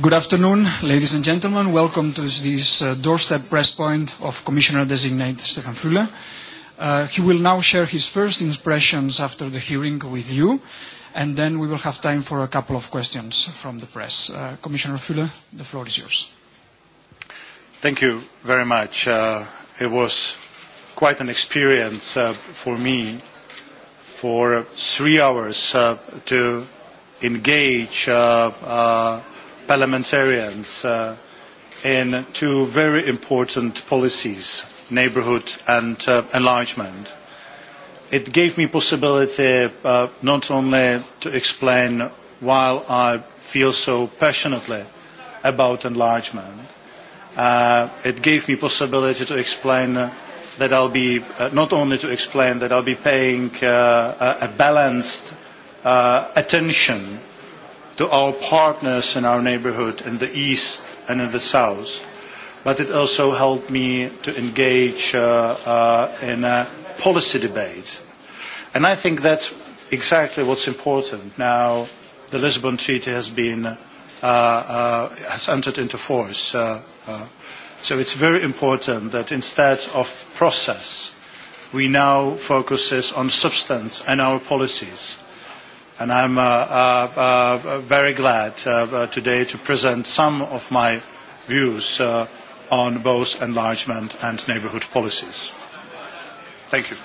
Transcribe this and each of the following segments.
Good afternoon, ladies and gentlemen. Welcome to this uh, doorstep press point of Commissioner Designate Stefan Fülle. Uh, he will now share his first impressions after the hearing with you, and then we will have time for a couple of questions from the press. Uh, Commissioner Fülle, the floor is yours. Thank you very much. It was quite an experience for me for three hours to engage parliamentarians uh, in two very important policies, neighbourhood and uh, enlargement. It gave me possibility uh, not only to explain why I feel so passionately about enlargement, uh, it gave me possibility to explain that I'll be, uh, not only to explain that I'll be paying uh, a balanced uh, attention uh, to our partners in our neighborhood in the east and in the south but it also helped me to engage uh, uh, in a policy debate and i think that's exactly what's important now the lisbon treaty has been uh, uh, has entered into force uh, uh, so it's very important that instead of process we now focus on substance and our policies and I'm uh, uh, uh, very glad uh, uh, today to present some of my views uh, on both enlargement and neighborhood policies. Thank you.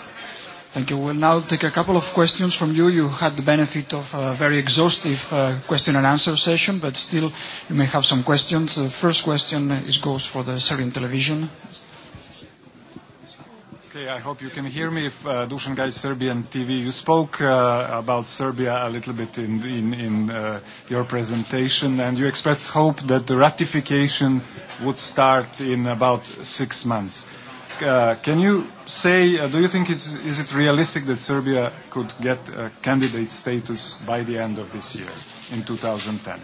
Thank you. We'll now take a couple of questions from you. You had the benefit of a very exhaustive uh, question and answer session, but still you may have some questions. The first question is, goes for the Serbian television. Mr. Okay, I hope you can hear me. If uh, Dušan Gaj, Serbian TV, you spoke uh, about Serbia a little bit in, in, in uh, your presentation, and you expressed hope that the ratification would start in about six months. Uh, can you say, uh, do you think it's, is it realistic that Serbia could get a uh, candidate status by the end of this year, in 2010?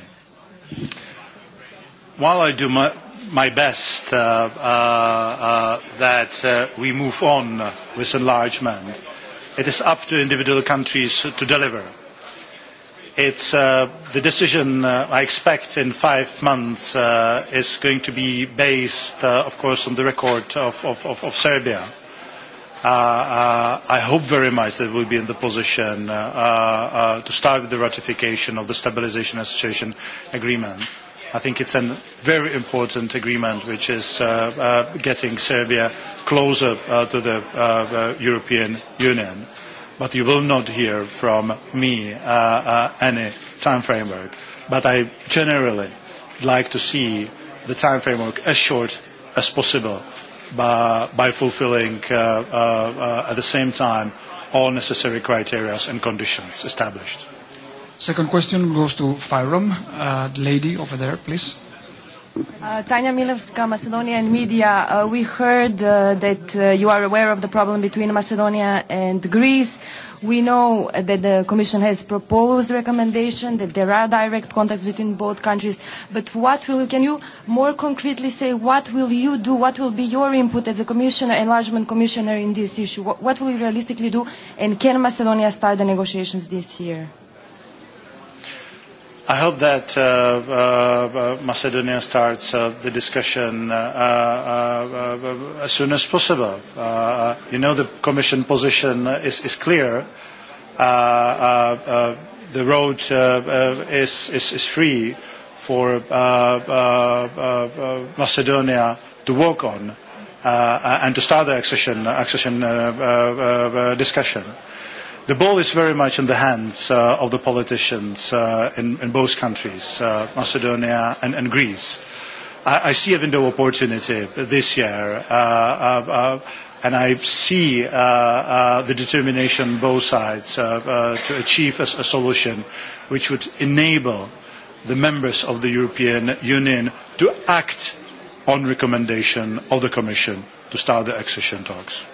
While I do my, my best uh, uh, uh, that uh, we move on with enlargement. It is up to individual countries to deliver. It's, uh, the decision uh, I expect in five months uh, is going to be based, uh, of course, on the record of, of, of, of Serbia. Uh, uh, I hope very much that we'll be in the position uh, uh, uh to start with the ratification of the Stabilization Association Agreement. I think it's a very important agreement which is uh, uh, getting Serbia closer uh, to the uh, uh, European Union. But you will not hear from me uh, uh, any time framework. But I generally like to see the time framework as short as possible by, by fulfilling uh, uh, uh, at the same time all necessary criteria and conditions established. Second question goes to Fairam. Uh, lady over there, please. Uh, Tanya Milevska, Macedonia and Media. Uh, we heard uh, that uh, you are aware of the problem between Macedonia and Greece. We know that the Commission has proposed recommendation that there are direct contacts between both countries. But what will you, can you more concretely say? What will you do? What will be your input as a Commissioner, Enlargement Commissioner, in this issue? What, what will you realistically do? And can Macedonia start the negotiations this year? I hope that uh, uh, Macedonia starts uh, the discussion uh, uh, uh, as soon as possible. Uh, you know the Commission position is, is clear. Uh, uh, uh, the road uh, uh, is, is, is free for uh, uh, uh, Macedonia to work on uh, and to start the accession, accession uh, uh, uh, discussion the ball is very much in the hands uh, of the politicians uh, in, in both countries, uh, Macedonia and, and Greece. I, I see a window of opportunity this year, uh, uh, uh, and I see uh, uh, the determination on both sides uh, uh, to achieve a, a solution which would enable the members of the European Union to act on recommendation of the Commission to start the accession talks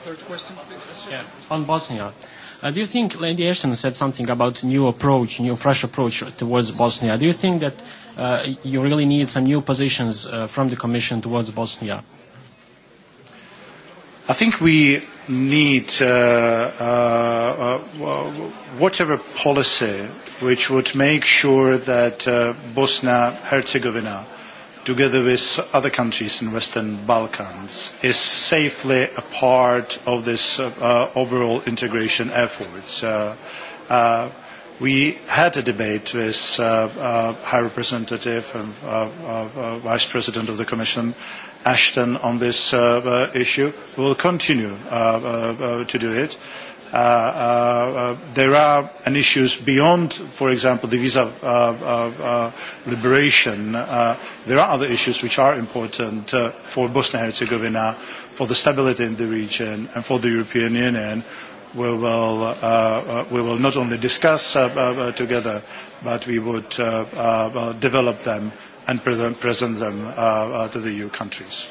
third question, yeah, on Bosnia. Uh, do you think Lady Ashton said something about new approach, new fresh approach towards Bosnia? Do you think that uh, you really need some new positions uh, from the Commission towards Bosnia? I think we need uh, uh, uh, whatever policy which would make sure that uh, Bosnia Herzegovina. Uh, together with other countries in Western Balkans, is safely a part of this uh, uh, overall integration effort. Uh, uh, we had a debate with uh, uh, High Representative and uh, uh, uh, Vice President of the Commission, Ashton, on this uh, uh, issue. We will continue uh, uh, uh, to do it. Uh, uh, uh, there are an issues beyond, for example, the visa uh, uh, uh, liberation. Uh, there are other issues which are important uh, for Bosnia-Herzegovina, for the stability in the region and for the European Union. We will, uh, uh, we will not only discuss uh, uh, together, but we would uh, uh, develop them and present, present them uh, uh, to the EU countries.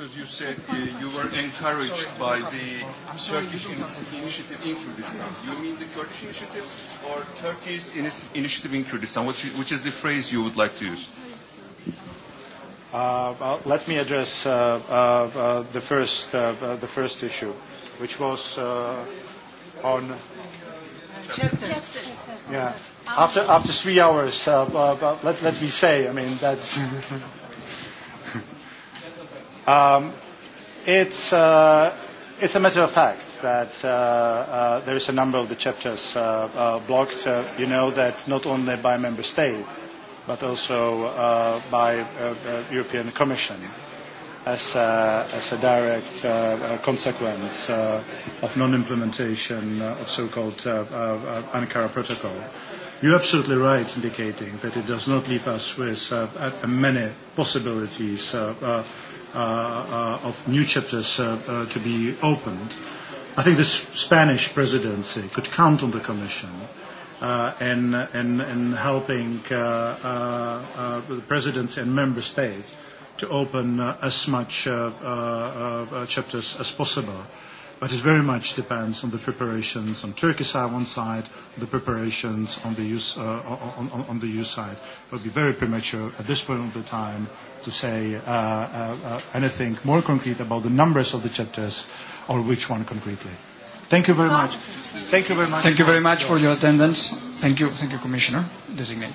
because you said uh, you were encouraged sorry, by the Turkish in initiative in Kurdistan. Do you mean the Kurdish initiative or Turkey's in initiative in Kurdistan? Which, which is the phrase you would like to use? Uh, well, let me address uh, uh, uh, the, first, uh, uh, the first issue, which was uh, on. Chapters. Yeah. After, after three hours, uh, uh, let, let me say, I mean, that's. Um, it's, uh, it's a matter of fact that uh, uh, there is a number of the chapters uh, uh, blocked. Uh, you know that not only by member state, but also uh, by uh, uh, European Commission as a, as a direct uh, uh consequence uh, of non-implementation of so-called uh, uh, Ankara Protocol. You're absolutely right indicating that it does not leave us with uh, many possibilities uh, uh, Uh, uh, of new chapters uh, uh, to be opened. I think the Spanish presidency could count on the Commission uh, in, in, in helping uh, uh, uh, the presidency and member states to open uh, as much uh, uh, uh, chapters as possible. Uh, but it very much depends on the preparations on Turkey side one side, the preparations on the, EU, uh, on, on, on the EU side. It would be very premature at this point of the time to say uh, uh, uh, anything more concrete about the numbers of the chapters or which one concretely. Thank you very much. Thank you very much. Thank you very much for your attendance. Thank you, thank you, Commissioner. Designate.